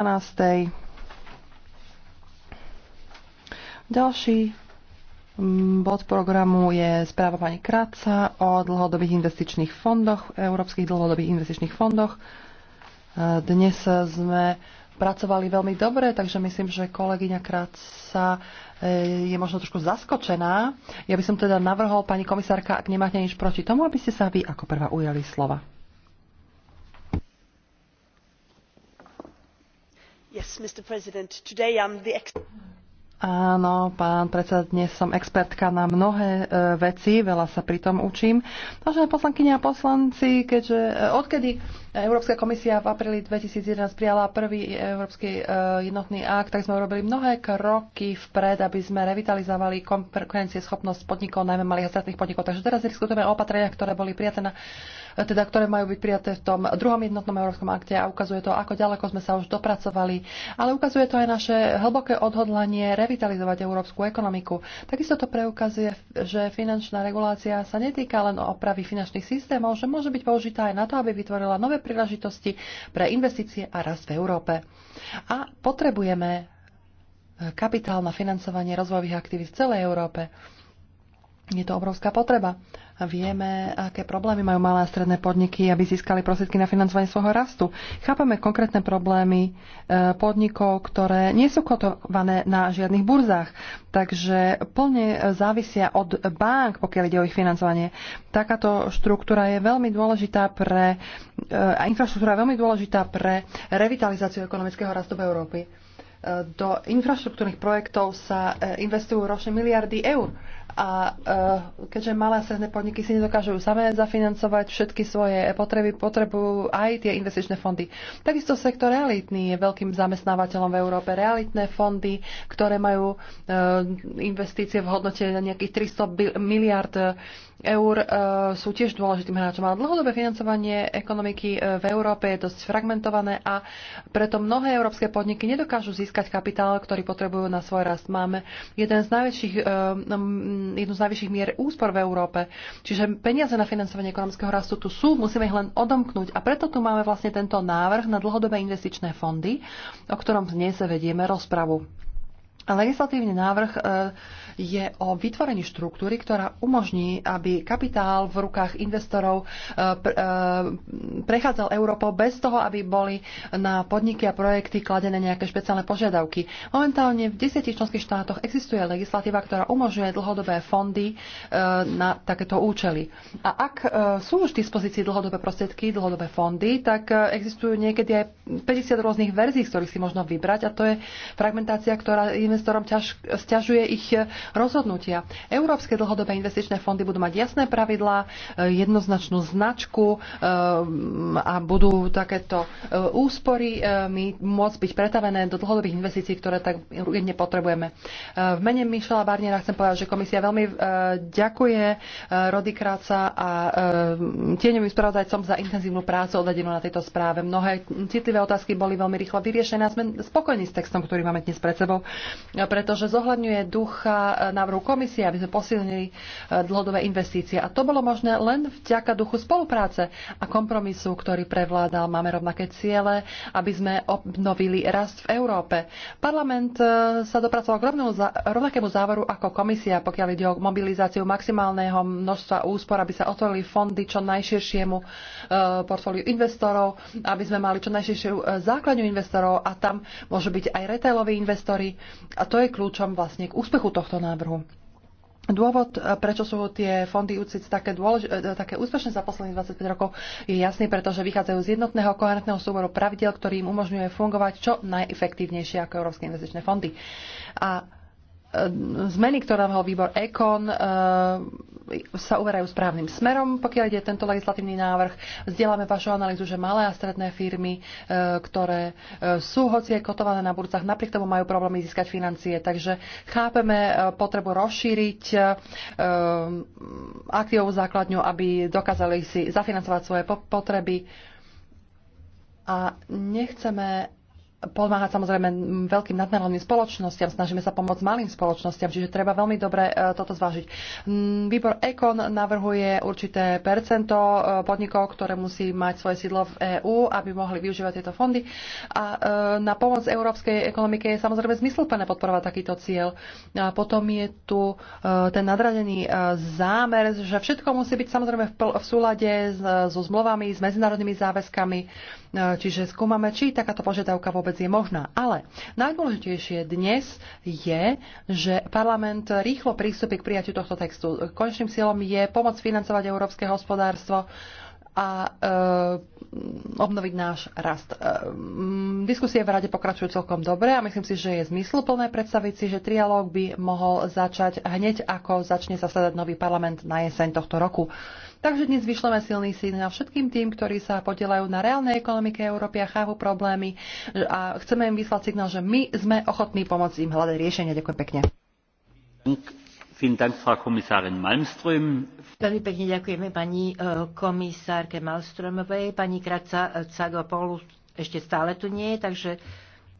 12. Ďalší mm, bod programu je správa pani Kráca o dlhodobých investičných fondoch, európskych dlhodobých investičných fondoch. E, dnes sme pracovali veľmi dobre, takže myslím, že kolegyňa Kráca e, je možno trošku zaskočená. Ja by som teda navrhol, pani komisárka, ak nemáte nič proti tomu, aby ste sa vy ako prvá ujali slova. Áno, pán predseda, dnes som expertka na mnohé e, veci, veľa sa pri tom učím. Vážené poslankyne a poslanci, keďže e, odkedy Európska komisia v apríli 2011 prijala prvý Európsky e, jednotný akt, tak sme urobili mnohé kroky vpred, aby sme revitalizovali konkurencieschopnosť podnikov, najmä malých a stredných podnikov. Takže teraz diskutujeme o opatreniach, ktoré boli prijaté na teda, ktoré majú byť prijaté v tom druhom jednotnom európskom akte a ukazuje to, ako ďaleko sme sa už dopracovali. Ale ukazuje to aj naše hlboké odhodlanie revitalizovať európsku ekonomiku. Takisto to preukazuje, že finančná regulácia sa netýka len opravy finančných systémov, že môže byť použitá aj na to, aby vytvorila nové príležitosti pre investície a rast v Európe. A potrebujeme kapitál na financovanie rozvojových aktivít v celej Európe. Je to obrovská potreba vieme, aké problémy majú malé a stredné podniky, aby získali prostriedky na financovanie svojho rastu. Chápame konkrétne problémy e, podnikov, ktoré nie sú kotované na žiadnych burzách, takže plne závisia od bank, pokiaľ ide o ich financovanie. Takáto štruktúra je veľmi dôležitá pre, e, infraštruktúra je veľmi dôležitá pre revitalizáciu ekonomického rastu v Európy e, do infraštruktúrnych projektov sa investujú ročne miliardy eur. A uh, keďže malé a podniky si nedokážu samé zafinancovať všetky svoje potreby, potrebujú aj tie investičné fondy. Takisto sektor realitný je veľkým zamestnávateľom v Európe. Realitné fondy, ktoré majú uh, investície v hodnote nejakých 300 miliard eur, uh, sú tiež dôležitým hráčom. Ale dlhodobé financovanie ekonomiky v Európe je dosť fragmentované a preto mnohé európske podniky nedokážu získať kapitál, ktorý potrebujú na svoj rast. Máme jeden z najväčších uh, jednu z najvyšších mier úspor v Európe. Čiže peniaze na financovanie ekonomického rastu tu sú, musíme ich len odomknúť. A preto tu máme vlastne tento návrh na dlhodobé investičné fondy, o ktorom dnes vedieme rozpravu. Legislatívny návrh e, je o vytvorení štruktúry, ktorá umožní, aby kapitál v rukách investorov e, e, prechádzal Európou bez toho, aby boli na podniky a projekty kladené nejaké špeciálne požiadavky. Momentálne v desiatich členských štátoch existuje legislatíva, ktorá umožňuje dlhodobé fondy na takéto účely. A ak sú už v dispozícii dlhodobé prostriedky, dlhodobé fondy, tak existujú niekedy aj 50 rôznych verzií, z ktorých si možno vybrať a to je fragmentácia, ktorá investorom ťaž, stiažuje ich e, rozhodnutia. Európske dlhodobé investičné fondy budú mať jasné pravidlá, e, jednoznačnú značku e, a budú takéto úspory môcť byť pretavené do dlhodobých investícií, ktoré tak urgentne potrebujeme. V mene Mišela Barniera chcem povedať, že komisia veľmi ďakuje Rody Kráca a tieňovým spravodajcom za intenzívnu prácu odvedenú na tejto správe. Mnohé citlivé otázky boli veľmi rýchlo vyriešené a sme spokojní s textom, ktorý máme dnes pred sebou pretože zohľadňuje ducha e, návrhu komisie, aby sme posilnili e, dlhodobé investície. A to bolo možné len vďaka duchu spolupráce a kompromisu, ktorý prevládal. Máme rovnaké ciele, aby sme obnovili rast v Európe. Parlament e, sa dopracoval k rovnakému záveru ako komisia, pokiaľ ide o mobilizáciu maximálneho množstva úspor, aby sa otvorili fondy čo najširšiemu portfóliu investorov, aby sme mali čo najširšiu základňu investorov a tam môžu byť aj retailoví investori, a to je kľúčom vlastne k úspechu tohto návrhu. Dôvod, eh, prečo sú tie fondy UCIC také, dôlež- eh, také úspešné za posledných 25 rokov, je jasný, pretože vychádzajú z jednotného koherentného súboru pravidel, ktorý im umožňuje fungovať čo najefektívnejšie ako Európske investičné fondy. A eh, zmeny, ktoré navrhol výbor ECON, sa uverajú správnym smerom, pokiaľ ide tento legislatívny návrh. Vzdielame vašu analýzu, že malé a stredné firmy, e, ktoré e, sú hoci aj kotované na burcach, napriek tomu majú problémy získať financie. Takže chápeme e, potrebu rozšíriť aktivovú základňu, aby dokázali si zafinancovať svoje potreby. A nechceme pomáhať samozrejme veľkým nadnárodným spoločnostiam, snažíme sa pomôcť malým spoločnostiam, čiže treba veľmi dobre e, toto zvážiť. Mm, výbor Ekon navrhuje určité percento e, podnikov, ktoré musí mať svoje sídlo v EÚ, aby mohli využívať tieto fondy. A e, na pomoc európskej ekonomike je samozrejme zmysluplné podporovať takýto cieľ. A potom je tu ten nadradený zámer, že všetko musí byť samozrejme v súlade so zmluvami, s medzinárodnými záväzkami. Čiže skúmame, či takáto požiadavka vôbec vôbec je možná. Ale najdôležitejšie dnes je, že parlament rýchlo prístupí k prijatiu tohto textu. Konečným cieľom je pomoc financovať európske hospodárstvo a e, obnoviť náš rast. E, diskusie v rade pokračujú celkom dobre a myslím si, že je zmysluplné predstaviť si, že trialóg by mohol začať hneď ako začne zasadať nový parlament na jeseň tohto roku. Takže dnes vyšleme silný signál všetkým tým, ktorí sa podielajú na reálnej ekonomike Európy a chávu problémy a chceme im vyslať signál, že my sme ochotní pomôcť im hľadať riešenia. Ďakujem pekne. Veľmi pekne ďakujeme pani e, komisárke Malmströmovej. Pani kratsa Cagopolu e, ešte stále tu nie je, takže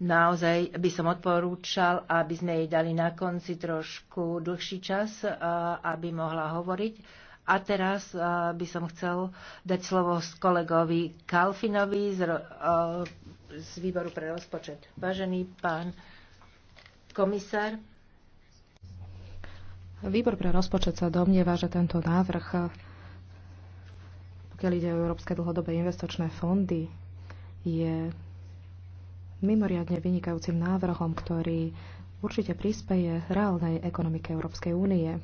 naozaj by som odporúčal, aby sme jej dali na konci trošku dlhší čas, e, aby mohla hovoriť. A teraz by som chcel dať slovo kolegovi Kalfinovi z, z výboru pre rozpočet. Vážený pán komisár, Výbor pre rozpočet sa domnieva, že tento návrh, pokiaľ ide o Európske dlhodobé investočné fondy, je mimoriadne vynikajúcim návrhom, ktorý určite prispeje reálnej ekonomike Európskej únie.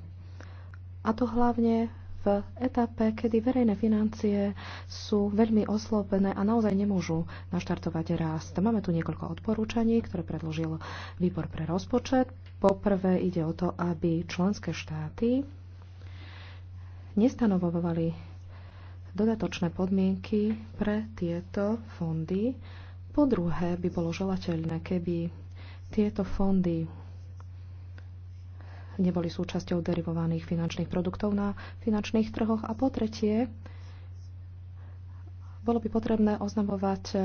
A to hlavne v etape, kedy verejné financie sú veľmi oslobené a naozaj nemôžu naštartovať rast. Máme tu niekoľko odporúčaní, ktoré predložil výbor pre rozpočet. Poprvé ide o to, aby členské štáty nestanovovali dodatočné podmienky pre tieto fondy. Po druhé by bolo želateľné, keby tieto fondy neboli súčasťou derivovaných finančných produktov na finančných trhoch. A po tretie, bolo by potrebné oznamovať e,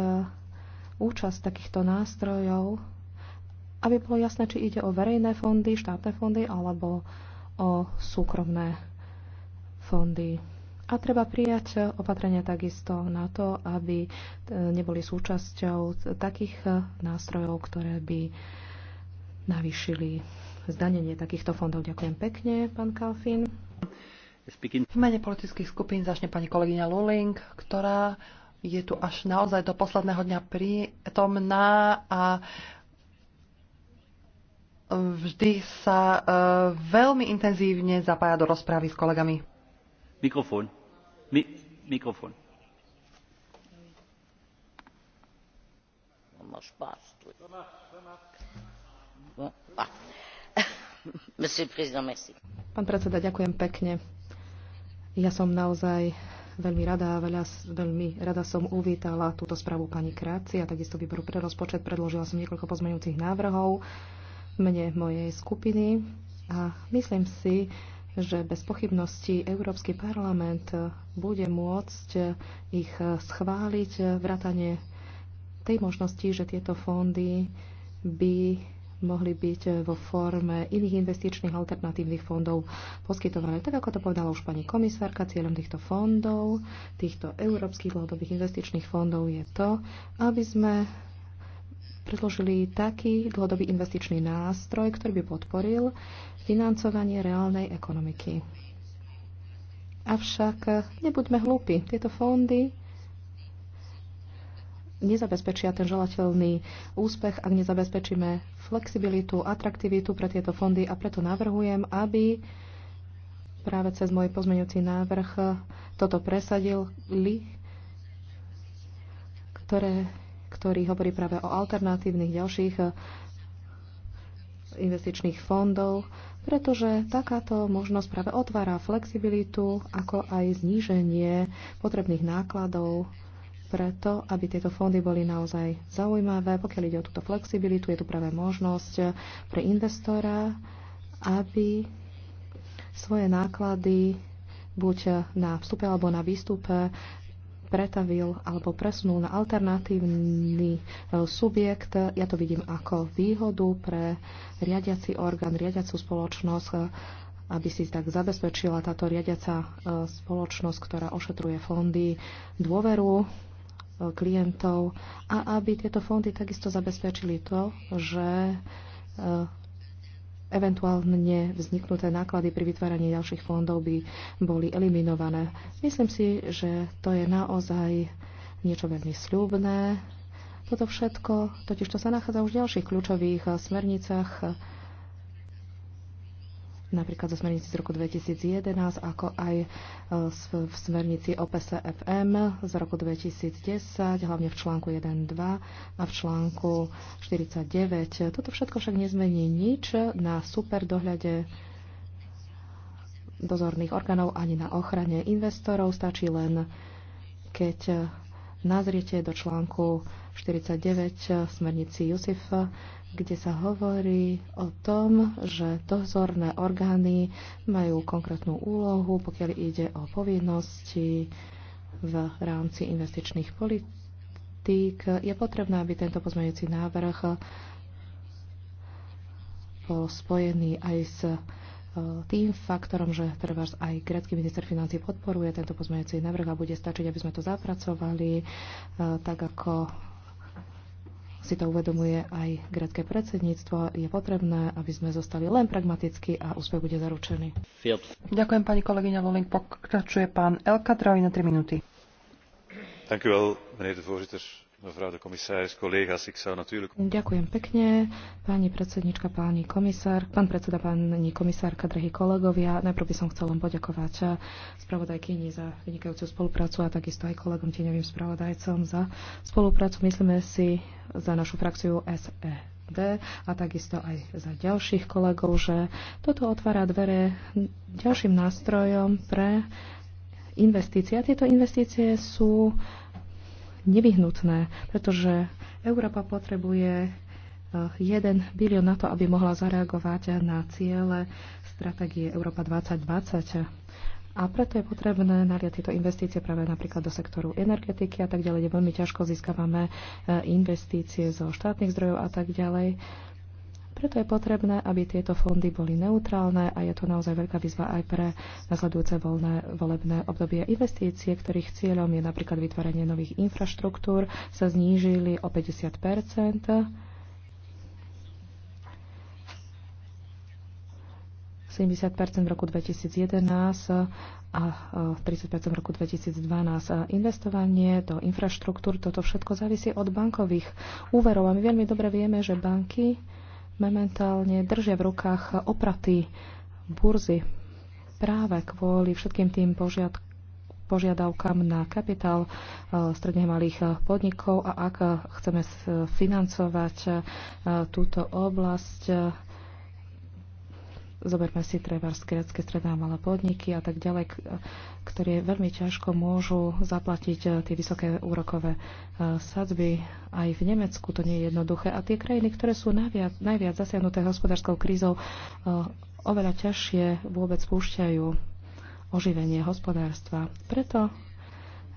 účasť takýchto nástrojov, aby bolo jasné, či ide o verejné fondy, štátne fondy alebo o súkromné fondy. A treba prijať opatrenia takisto na to, aby e, neboli súčasťou takých e, nástrojov, ktoré by navýšili zdanenie takýchto fondov. Ďakujem pekne, pán Kalfin. V mene politických skupín začne pani kolegyňa Luling, ktorá je tu až naozaj do posledného dňa prítomná a vždy sa e, veľmi intenzívne zapája do rozprávy s kolegami. Mikrofón. Mi- mikrofón. Spaß. Pán predseda, ďakujem pekne. Ja som naozaj veľmi rada a veľa, veľmi rada som uvítala túto správu pani Kráci a takisto výboru pre rozpočet. Predložila som niekoľko pozmeňujúcich návrhov mene mojej skupiny a myslím si, že bez pochybnosti Európsky parlament bude môcť ich schváliť vrátane tej možnosti, že tieto fondy by mohli byť eh, vo forme iných investičných alternatívnych fondov poskytované. Tak ako to povedala už pani komisárka, cieľom týchto fondov, týchto európskych dlhodobých investičných fondov je to, aby sme predložili taký dlhodobý investičný nástroj, ktorý by podporil financovanie reálnej ekonomiky. Avšak eh, nebuďme hlúpi. Tieto fondy nezabezpečia ten želateľný úspech, ak nezabezpečíme flexibilitu, atraktivitu pre tieto fondy a preto navrhujem, aby práve cez môj pozmeňujúci návrh toto presadili, ktoré, ktorý hovorí práve o alternatívnych ďalších investičných fondov, pretože takáto možnosť práve otvára flexibilitu, ako aj zníženie potrebných nákladov preto, aby tieto fondy boli naozaj zaujímavé. Pokiaľ ide o túto flexibilitu, je tu práve možnosť pre investora, aby svoje náklady buď na vstupe alebo na výstupe pretavil alebo presunul na alternatívny e, subjekt. Ja to vidím ako výhodu pre riadiaci orgán, riadiacu spoločnosť, e, aby si tak zabezpečila táto riadiaca e, spoločnosť, ktorá ošetruje fondy dôveru klientov a aby tieto fondy takisto zabezpečili to, že e, eventuálne vzniknuté náklady pri vytváraní ďalších fondov by boli eliminované. Myslím si, že to je naozaj niečo veľmi sľubné. Toto všetko, totiž to sa nachádza už v ďalších kľúčových e, smernicách napríklad zo smernici z roku 2011, ako aj e, v smernici o FM z roku 2010, hlavne v článku 1.2 a v článku 49. Toto všetko však nezmení nič na super dohľade dozorných orgánov ani na ochrane investorov. Stačí len, keď nazriete do článku 49 smernici Jusif, kde sa hovorí o tom, že dozorné orgány majú konkrétnu úlohu, pokiaľ ide o povinnosti v rámci investičných politík. Je potrebné, aby tento pozmeňujúci návrh bol spojený aj s Eh, tým faktorom, že vás aj grecký minister financí podporuje tento pozmeňujúci návrh a bude stačiť, aby sme to zapracovali, eh, tak ako si to uvedomuje aj grecké predsedníctvo. Je potrebné, aby sme zostali len pragmaticky a úspech bude zaručený. Ďakujem pani kolegyňa Luling. Pokračuje pán Elka Troj na 3 minúty. Dank u wel, meneer de voorzitter. Ďakujem pekne, pani predsednička, pani komisár, pán predseda, pani komisárka, drahí kolegovia. Najprv by som chcel len poďakovať spravodajkyni za vynikajúcu spoluprácu a takisto aj kolegom tieňovým spravodajcom za spoluprácu. Myslíme si za našu frakciu SED a takisto aj za ďalších kolegov, že toto otvára dvere ďalším nástrojom pre investície. A tieto investície sú uh, nevyhnutné, pretože Európa potrebuje 1 eh, bilión na to, aby mohla zareagovať na ciele stratégie Európa 2020. A preto je potrebné naliať tieto investície práve napríklad do sektoru energetiky a tak ďalej, kde veľmi ťažko získavame eh, investície zo štátnych zdrojov a tak ďalej. Preto je potrebné, aby tieto fondy boli neutrálne a je to naozaj veľká výzva aj pre nasledujúce voľné, volebné obdobie. Investície, ktorých cieľom je napríklad vytvorenie nových infraštruktúr, sa znížili o 50 70 v roku 2011 a 30 e, v roku 2012. Investovanie do infraštruktúr, toto všetko závisí od bankových úverov. A my veľmi dobre vieme, že banky momentálne držia v rukách opraty burzy práve kvôli všetkým tým požiadkom požiadavkám na kapitál e, stredne malých e, podnikov a ak chceme financovať e, túto oblasť, zoberme si trebárs grecké stredná malé podniky a tak ďalej, ktoré veľmi ťažko môžu zaplatiť e, tie vysoké úrokové e, sadzby. Aj v Nemecku to nie je jednoduché. A tie krajiny, ktoré sú najviac, najviac zasiahnuté hospodárskou krízou, e, oveľa ťažšie vôbec spúšťajú oživenie hospodárstva. Preto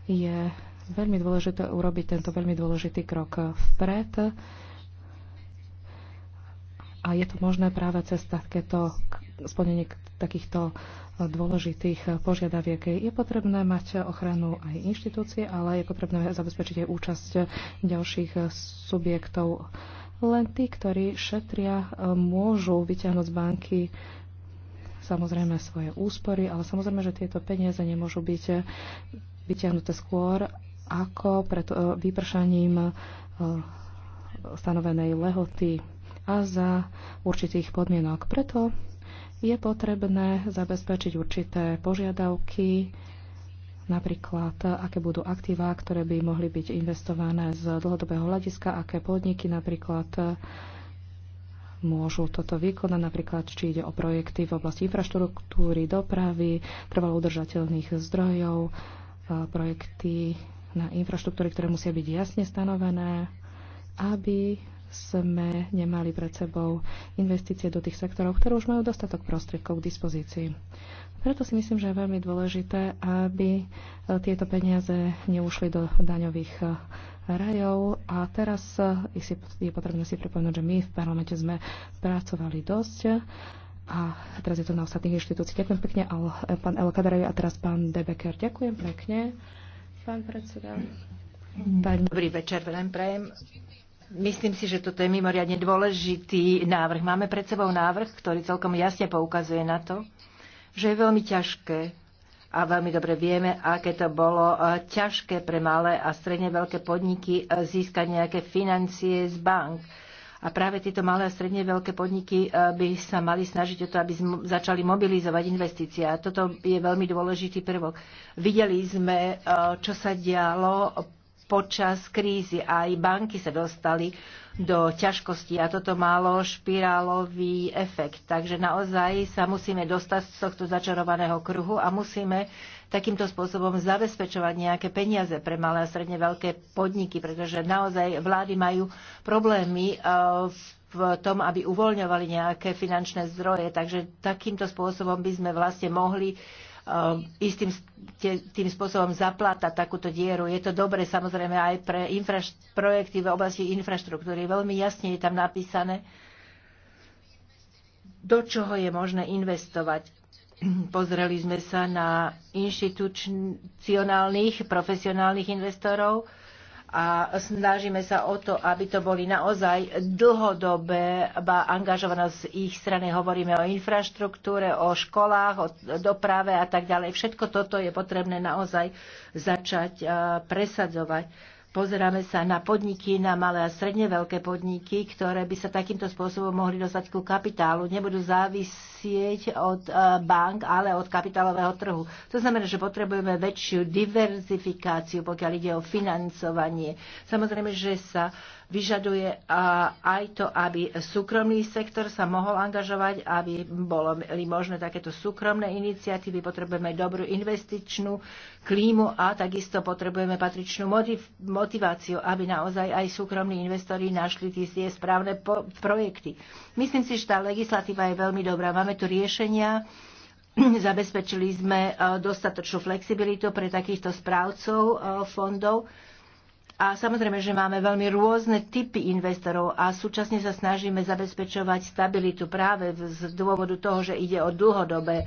je veľmi dôležité urobiť tento veľmi dôležitý krok vpred a je to možné práve cez takéto splnenie takýchto e, dôležitých e, požiadaviek. Je potrebné mať ochranu aj inštitúcie, ale je potrebné zabezpečiť aj účasť ďalších e, subjektov. Len tí, ktorí šetria, môžu vyťahnuť z banky samozrejme svoje úspory, ale samozrejme, že tieto peniaze nemôžu byť vyťahnuté skôr ako pred vypršaním stanovenej lehoty a za určitých podmienok. Preto je potrebné zabezpečiť určité požiadavky, napríklad aké budú aktíva, ktoré by mohli byť investované z dlhodobého hľadiska, aké podniky napríklad môžu toto vykonať, napríklad či ide o projekty v oblasti infraštruktúry, dopravy, trvalo udržateľných zdrojov, projekty na infraštruktúry, ktoré musia byť jasne stanovené, aby sme nemali pred sebou investície do tých sektorov, ktoré už majú dostatok prostriedkov k dispozícii. Preto si myslím, že je veľmi dôležité, aby e, tieto peniaze neušli do daňových e, rajov a teraz e, je potrebné si pripomenúť, že my v parlamente sme pracovali dosť a teraz je to na ostatných inštitúcií. Ďakujem pekne, pán El Kadarevi a teraz pán Debeker. Ďakujem pekne, pán predseda. Dobrý večer, veľmi prejem. Myslím si, že toto je mimoriadne dôležitý návrh. Máme pred sebou návrh, ktorý celkom jasne poukazuje na to, že je veľmi ťažké a veľmi dobre vieme, aké to bolo eh, ťažké pre malé a stredne veľké podniky eh, získať nejaké financie z bank. A práve tieto malé a stredne veľké podniky eh, by sa mali snažiť o to, aby začali mobilizovať investície. A toto je veľmi dôležitý prvok. Videli sme, čo sa dialo počas krízy. Aj banky sa dostali do ťažkosti a toto malo špirálový efekt. Takže naozaj sa musíme dostať z tohto začarovaného kruhu a musíme takýmto spôsobom zabezpečovať nejaké peniaze pre malé a stredne veľké podniky, pretože naozaj vlády majú problémy e, v tom, aby uvoľňovali nejaké finančné zdroje. Takže takýmto spôsobom by sme vlastne mohli E, istým tým spôsobom zaplata takúto dieru. Je to dobre samozrejme aj pre projekty v oblasti infraštruktúry. Veľmi jasne je tam napísané, do čoho je možné investovať. Pozreli sme sa na inštitucionálnych, profesionálnych investorov, a snažíme sa o to, aby to boli naozaj dlhodobé angažovanosť ich strany. Hovoríme o infraštruktúre, o školách, o doprave a tak ďalej. Všetko toto je potrebné naozaj začať presadzovať Pozeráme sa na podniky, na malé a stredne veľké podniky, ktoré by sa takýmto spôsobom mohli dostať ku kapitálu. Nebudú závisieť od e, bank, ale od kapitálového trhu. To znamená, že potrebujeme väčšiu diverzifikáciu, pokiaľ ide o financovanie. Samozrejme, že sa vyžaduje aj to, aby súkromný sektor sa mohol angažovať, aby boli možné takéto súkromné iniciatívy. Potrebujeme dobrú investičnú klímu a takisto potrebujeme patričnú motiváciu, aby naozaj aj súkromní investori našli tie správne projekty. Myslím si, že tá legislatíva je veľmi dobrá. Máme tu riešenia, zabezpečili sme e, dostatočnú flexibilitu pre takýchto správcov e, fondov a samozrejme, že máme veľmi rôzne typy investorov a súčasne sa snažíme zabezpečovať stabilitu práve z dôvodu toho, že ide o dlhodobé e,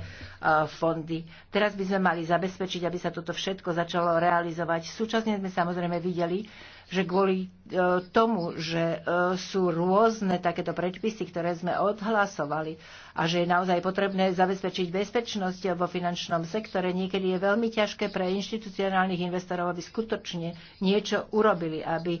fondy. Teraz by sme mali zabezpečiť, aby sa toto všetko začalo realizovať. Súčasne sme samozrejme videli, že kvôli E, tomu, že e, sú rôzne takéto predpisy, ktoré sme odhlasovali a že je naozaj potrebné zabezpečiť bezpečnosť vo finančnom sektore, niekedy je veľmi ťažké pre inštitucionálnych investorov, aby skutočne niečo urobili, aby e,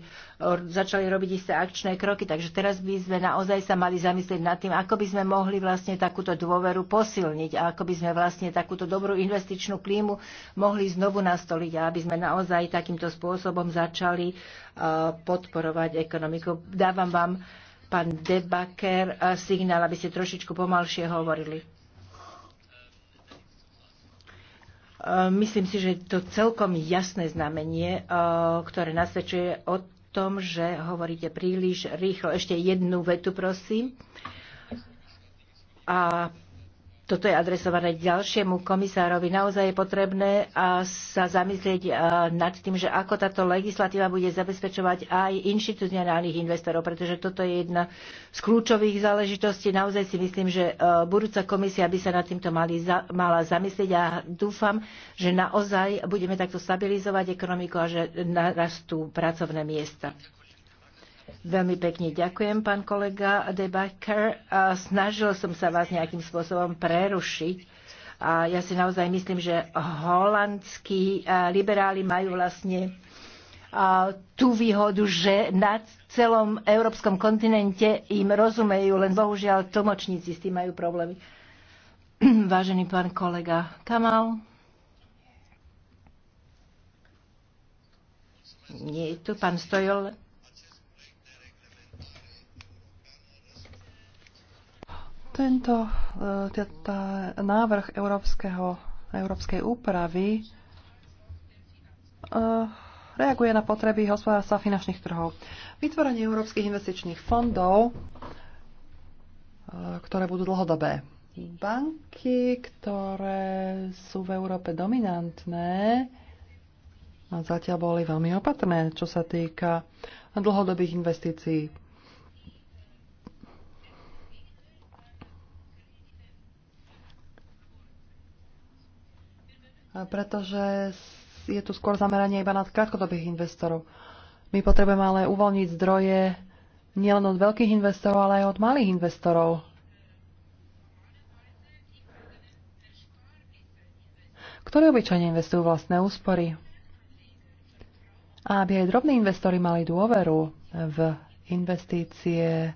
začali robiť isté akčné kroky. Takže teraz by sme naozaj sa mali zamyslieť nad tým, ako by sme mohli vlastne takúto dôveru posilniť a ako by sme vlastne takúto dobrú investičnú klímu mohli znovu nastoliť a aby sme naozaj takýmto spôsobom začali podporovať ekonomiku. Dávam vám, pán Debaker, signál, aby ste trošičku pomalšie hovorili. Myslím si, že to celkom jasné znamenie, eh, ktoré nasvedčuje o tom, že hovoríte príliš rýchlo. Ešte jednu vetu, prosím. A toto je adresované ďalšiemu komisárovi. Naozaj je potrebné sa zamyslieť nad tým, že ako táto legislatíva bude zabezpečovať aj inštitucionálnych investorov, pretože toto je jedna z kľúčových záležitostí. Naozaj si myslím, že e, budúca komisia by sa nad týmto mali, mala zamyslieť a dúfam, že naozaj budeme takto stabilizovať ekonomiku a že narastú pracovné miesta. Veľmi pekne ďakujem, pán kolega Debaker. Snažil som sa vás nejakým spôsobom prerušiť. A ja si naozaj myslím, že holandskí liberáli majú vlastne tú výhodu, že na celom európskom kontinente im rozumejú, len bohužiaľ tomočníci s tým majú problémy. Vážený pán kolega Kamal. Nie je tu pán Stojol. Tento e, tá, návrh európskeho, európskej úpravy e, reaguje na potreby hospodárstva finančných trhov. Vytvorenie európskych investičných fondov, e, ktoré budú dlhodobé. Banky, ktoré sú v Európe dominantné, zatiaľ boli veľmi opatrné, čo sa týka dlhodobých investícií pretože je tu skôr zameranie iba na krátkodobých investorov. My potrebujeme ale uvoľniť zdroje nielen od veľkých investorov, ale aj od malých investorov, ktorí obyčajne investujú vlastné úspory. A aby aj drobní investori mali dôveru v investície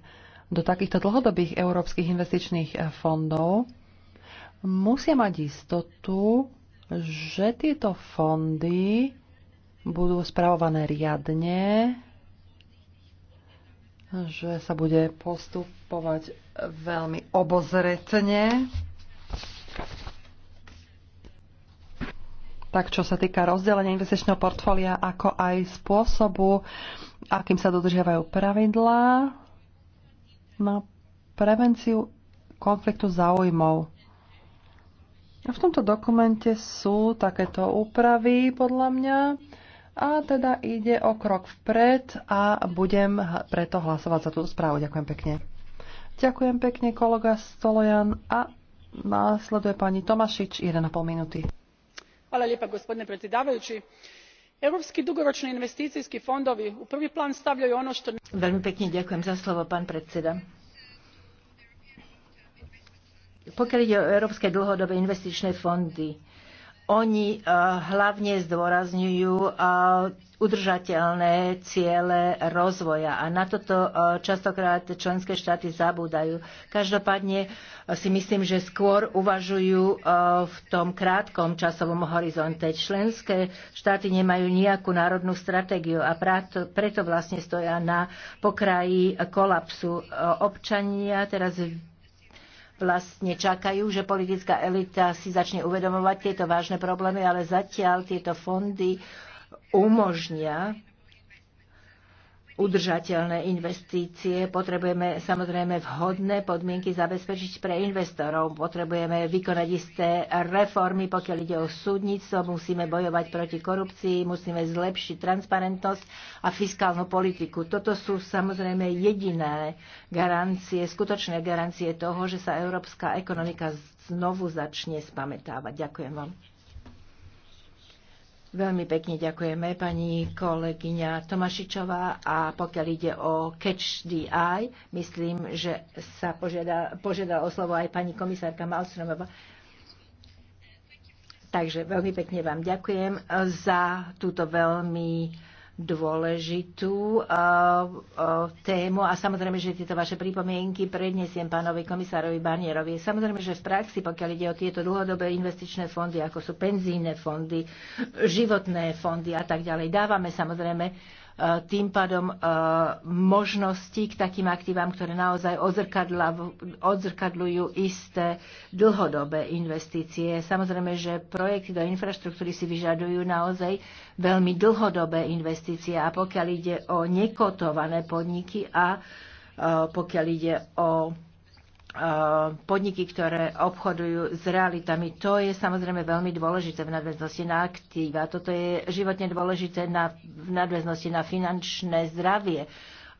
do takýchto dlhodobých európskych investičných fondov, musia mať istotu, že tieto fondy budú spravované riadne, že sa bude postupovať veľmi obozretne. tak čo sa týka rozdelenia investičného portfólia, ako aj spôsobu, akým sa dodržiavajú pravidlá na prevenciu konfliktu záujmov. V tomto dokumente sú takéto úpravy podľa mňa a teda ide o krok vpred a budem preto hlasovať za túto správu. Ďakujem pekne. Ďakujem pekne kolega Stolojan a následuje pani Tomašič 1,5 minúty. Hvala lijepa gospodine predsjedavajući Európsky dugoročný investicijski fondovi u prvý plán stavljaju ono što. veľmi pekne ďakujem za slovo pán predseda pokiaľ ide o Európske dlhodobé investičné fondy, oni eh, hlavne zdôrazňujú eh, udržateľné ciele rozvoja a na toto eh, častokrát členské štáty zabúdajú. Každopádne si myslím, že skôr uvažujú v tom krátkom časovom horizonte. Členské štáty nemajú nejakú národnú stratégiu a preto vlastne stoja na pokraji kolapsu. Občania teraz vlastne čakajú, že politická elita si začne uvedomovať tieto vážne problémy, ale zatiaľ tieto fondy umožnia udržateľné investície, potrebujeme samozrejme vhodné podmienky zabezpečiť pre investorov, potrebujeme vykonať isté reformy, pokiaľ ide o súdnictvo, musíme bojovať proti korupcii, musíme zlepšiť transparentnosť a fiskálnu politiku. Toto sú samozrejme jediné garancie, skutočné garancie toho, že sa európska ekonomika znovu začne spametávať. Ďakujem vám. Veľmi pekne ďakujeme pani kolegyňa Tomašičová a pokiaľ ide o Catch the Eye, myslím, že sa požiada, požiada o slovo aj pani komisárka Malstromová. Takže veľmi pekne vám ďakujem za túto veľmi dôležitú eh, eh, tému a samozrejme, že tieto vaše pripomienky prednesiem pánovi komisárovi Barnierovi. Samozrejme, že v praxi, pokiaľ ide o tieto dlhodobé investičné fondy, ako sú penzíne fondy, životné fondy a tak ďalej, dávame samozrejme tým pádom e, možnosti k takým aktívam, ktoré naozaj odzrkadľujú isté dlhodobé investície. Samozrejme, že projekty do infraštruktúry si vyžadujú naozaj veľmi dlhodobé investície a pokiaľ ide o nekotované podniky a e, pokiaľ ide o Ehm, podniky, ktoré obchodujú s realitami. To je samozrejme veľmi dôležité v nadväznosti na aktíva. Toto je životne dôležité na, v nadväznosti na finančné zdravie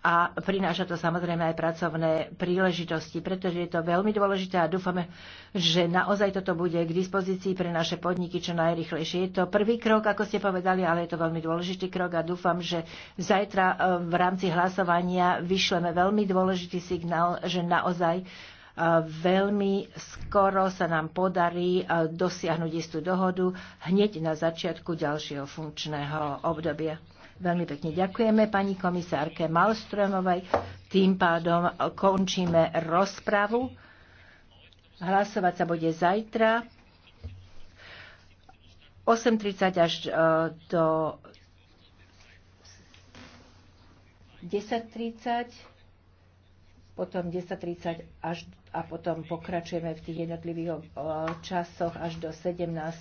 a prináša to samozrejme aj pracovné príležitosti, pretože je to veľmi dôležité a dúfame, že naozaj toto bude k dispozícii pre naše podniky čo najrychlejšie. Je to prvý krok, ako ste povedali, ale je to veľmi dôležitý krok a dúfam, že zajtra ehm, v rámci hlasovania vyšleme veľmi dôležitý signál, že naozaj Veľmi skoro sa nám podarí e, dosiahnuť istú dohodu hneď na začiatku ďalšieho funkčného obdobia. Veľmi pekne ďakujeme pani komisárke Malströmovej. Tým pádom končíme rozpravu. Hlasovať sa bude zajtra 8.30 až e, do 10.30 potom 10.30 až, a potom pokračujeme v tých jednotlivých časoch až do